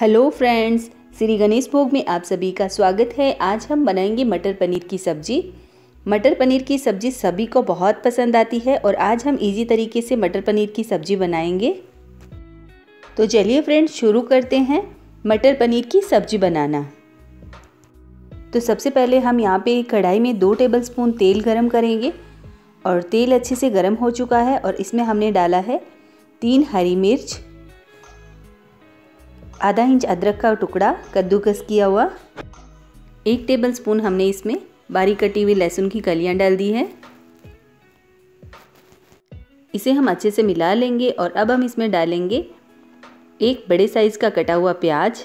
hello friends Shri Ganesh Bhog में आप सभी का स्वागत है आज हम बनाएंगे मटर पनीर की सब्जी मटर पनीर की सब्जी सभी को बहुत पसंद आती है और आज हम इजी तरीके से मटर पनीर की सब्जी बनाएंगे तो चलिए फ्रेंड्स शुरू करते हैं मटर पनीर की सब्जी बनाना तो सबसे पहले हम यहाँ पे कढ़ाई में दो स्पून तेल गर्म करेंगे और तेल अच्छे से गर्म हो चुका है और इसमें हमने डाला है तीन हरी मिर्च आधा इंच अदरक का टुकड़ा कद्दूकस किया हुआ एक टेबल स्पून हमने इसमें बारीक कटी हुई लहसुन की कलियाँ डाल दी है इसे हम अच्छे से मिला लेंगे और अब हम इसमें डालेंगे एक बड़े साइज़ का कटा हुआ प्याज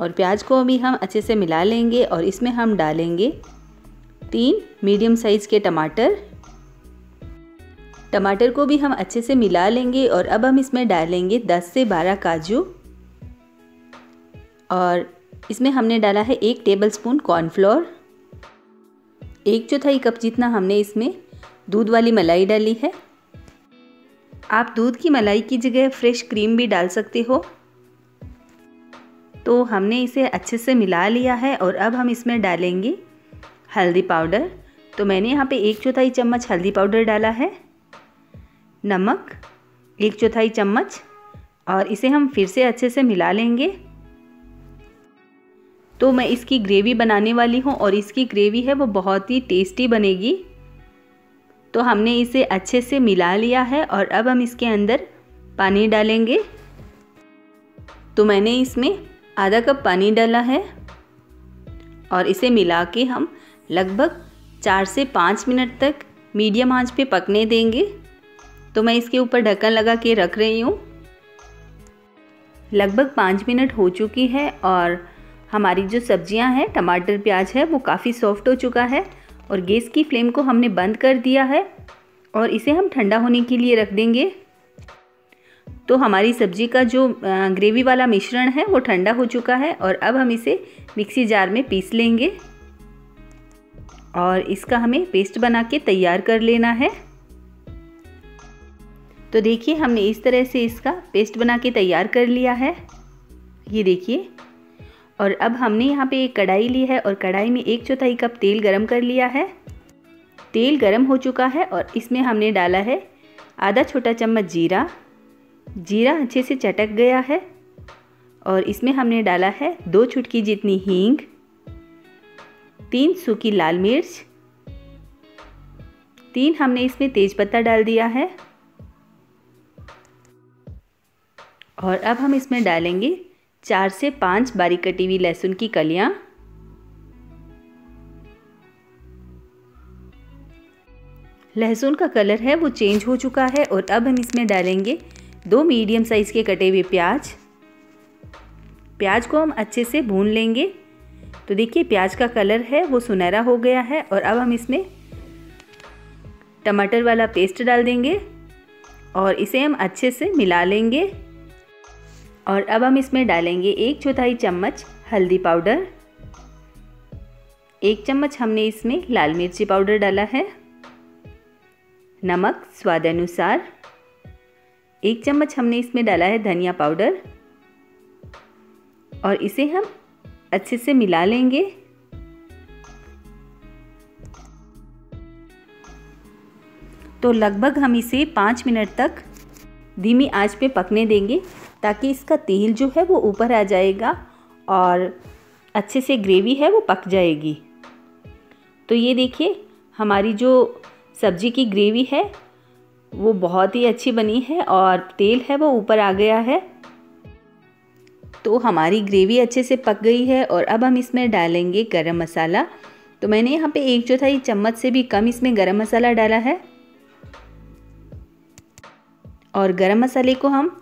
और प्याज को भी हम अच्छे से मिला लेंगे और इसमें हम डालेंगे तीन मीडियम साइज़ के टमाटर टमाटर को भी हम अच्छे से मिला लेंगे और अब हम इसमें डालेंगे 10 से 12 काजू और इसमें हमने डाला है एक टेबल स्पून कॉर्नफ्लोर एक चौथाई कप जितना हमने इसमें दूध वाली मलाई डाली है आप दूध की मलाई की जगह फ्रेश क्रीम भी डाल सकते हो तो हमने इसे अच्छे से मिला लिया है और अब हम इसमें डालेंगे हल्दी पाउडर तो मैंने यहाँ पे एक चौथाई चम्मच हल्दी पाउडर डाला है नमक एक चौथाई चम्मच और इसे हम फिर से अच्छे से मिला लेंगे तो मैं इसकी ग्रेवी बनाने वाली हूँ और इसकी ग्रेवी है वो बहुत ही टेस्टी बनेगी तो हमने इसे अच्छे से मिला लिया है और अब हम इसके अंदर पानी डालेंगे तो मैंने इसमें आधा कप पानी डाला है और इसे मिला के हम लगभग चार से पाँच मिनट तक मीडियम आंच पे पकने देंगे तो मैं इसके ऊपर ढक्कन लगा के रख रही हूँ लगभग पाँच मिनट हो चुकी है और हमारी जो सब्जियाँ हैं टमाटर प्याज है वो काफ़ी सॉफ्ट हो चुका है और गैस की फ्लेम को हमने बंद कर दिया है और इसे हम ठंडा होने के लिए रख देंगे तो हमारी सब्जी का जो ग्रेवी वाला मिश्रण है वो ठंडा हो चुका है और अब हम इसे मिक्सी जार में पीस लेंगे और इसका हमें पेस्ट बना के तैयार कर लेना है तो देखिए हमने इस तरह से इसका पेस्ट बना के तैयार कर लिया है ये देखिए और अब हमने यहाँ पे एक कढ़ाई ली है और कढ़ाई में एक चौथाई कप तेल गरम कर लिया है तेल गरम हो चुका है और इसमें हमने डाला है आधा छोटा चम्मच जीरा जीरा अच्छे से चटक गया है और इसमें हमने डाला है दो चुटकी जितनी हींग तीन सूखी लाल मिर्च तीन हमने इसमें तेज़पत्ता डाल दिया है और अब हम इसमें डालेंगे चार से पाँच बारीक कटी हुई लहसुन की कलियाँ लहसुन का कलर है वो चेंज हो चुका है और अब हम इसमें डालेंगे दो मीडियम साइज़ के कटे हुए प्याज प्याज को हम अच्छे से भून लेंगे तो देखिए प्याज का कलर है वो सुनहरा हो गया है और अब हम इसमें टमाटर वाला पेस्ट डाल देंगे और इसे हम अच्छे से मिला लेंगे और अब हम इसमें डालेंगे एक चौथाई चम्मच हल्दी पाउडर एक चम्मच हमने इसमें लाल मिर्ची पाउडर डाला है नमक स्वाद अनुसार एक चम्मच हमने इसमें डाला है धनिया पाउडर और इसे हम अच्छे से मिला लेंगे तो लगभग हम इसे पाँच मिनट तक धीमी आंच पे पकने देंगे ताकि इसका तेल जो है वो ऊपर आ जाएगा और अच्छे से ग्रेवी है वो पक जाएगी तो ये देखिए हमारी जो सब्ज़ी की ग्रेवी है वो बहुत ही अच्छी बनी है और तेल है वो ऊपर आ गया है तो हमारी ग्रेवी अच्छे से पक गई है और अब हम इसमें डालेंगे गरम मसाला तो मैंने यहाँ पे एक चौथाई चम्मच से भी कम इसमें गरम मसाला डाला है और गरम मसाले को हम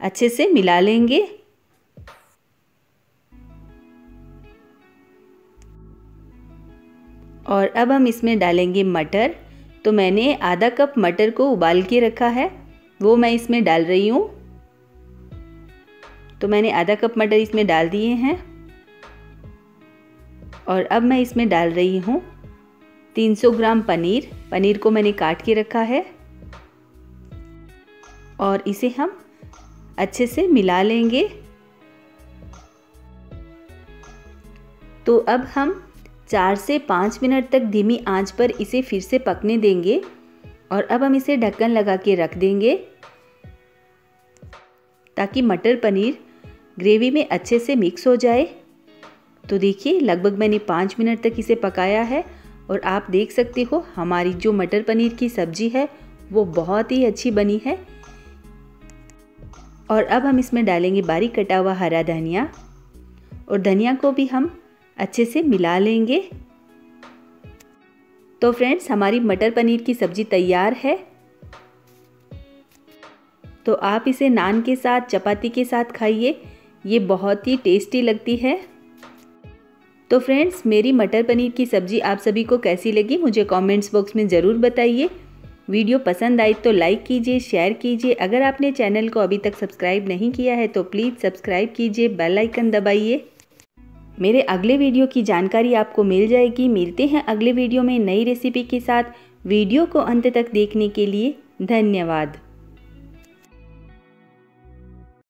अच्छे से मिला लेंगे और अब हम इसमें डालेंगे मटर तो मैंने आधा कप मटर को उबाल के रखा है वो मैं इसमें डाल रही हूँ तो मैंने आधा कप मटर इसमें डाल दिए हैं और अब मैं इसमें डाल रही हूँ 300 ग्राम पनीर पनीर को मैंने काट के रखा है और इसे हम अच्छे से मिला लेंगे तो अब हम चार से पाँच मिनट तक धीमी आंच पर इसे फिर से पकने देंगे और अब हम इसे ढक्कन लगा के रख देंगे ताकि मटर पनीर ग्रेवी में अच्छे से मिक्स हो जाए तो देखिए लगभग मैंने पाँच मिनट तक इसे पकाया है और आप देख सकते हो हमारी जो मटर पनीर की सब्ज़ी है वो बहुत ही अच्छी बनी है और अब हम इसमें डालेंगे बारीक कटा हुआ हरा धनिया और धनिया को भी हम अच्छे से मिला लेंगे तो फ्रेंड्स हमारी मटर पनीर की सब्ज़ी तैयार है तो आप इसे नान के साथ चपाती के साथ खाइए ये बहुत ही टेस्टी लगती है तो फ्रेंड्स मेरी मटर पनीर की सब्ज़ी आप सभी को कैसी लगी मुझे कमेंट्स बॉक्स में ज़रूर बताइए वीडियो पसंद आई तो लाइक कीजिए शेयर कीजिए अगर आपने चैनल को अभी तक सब्सक्राइब नहीं किया है तो प्लीज़ सब्सक्राइब कीजिए बेल आइकन दबाइए मेरे अगले वीडियो की जानकारी आपको मिल जाएगी मिलते हैं अगले वीडियो में नई रेसिपी के साथ वीडियो को अंत तक देखने के लिए धन्यवाद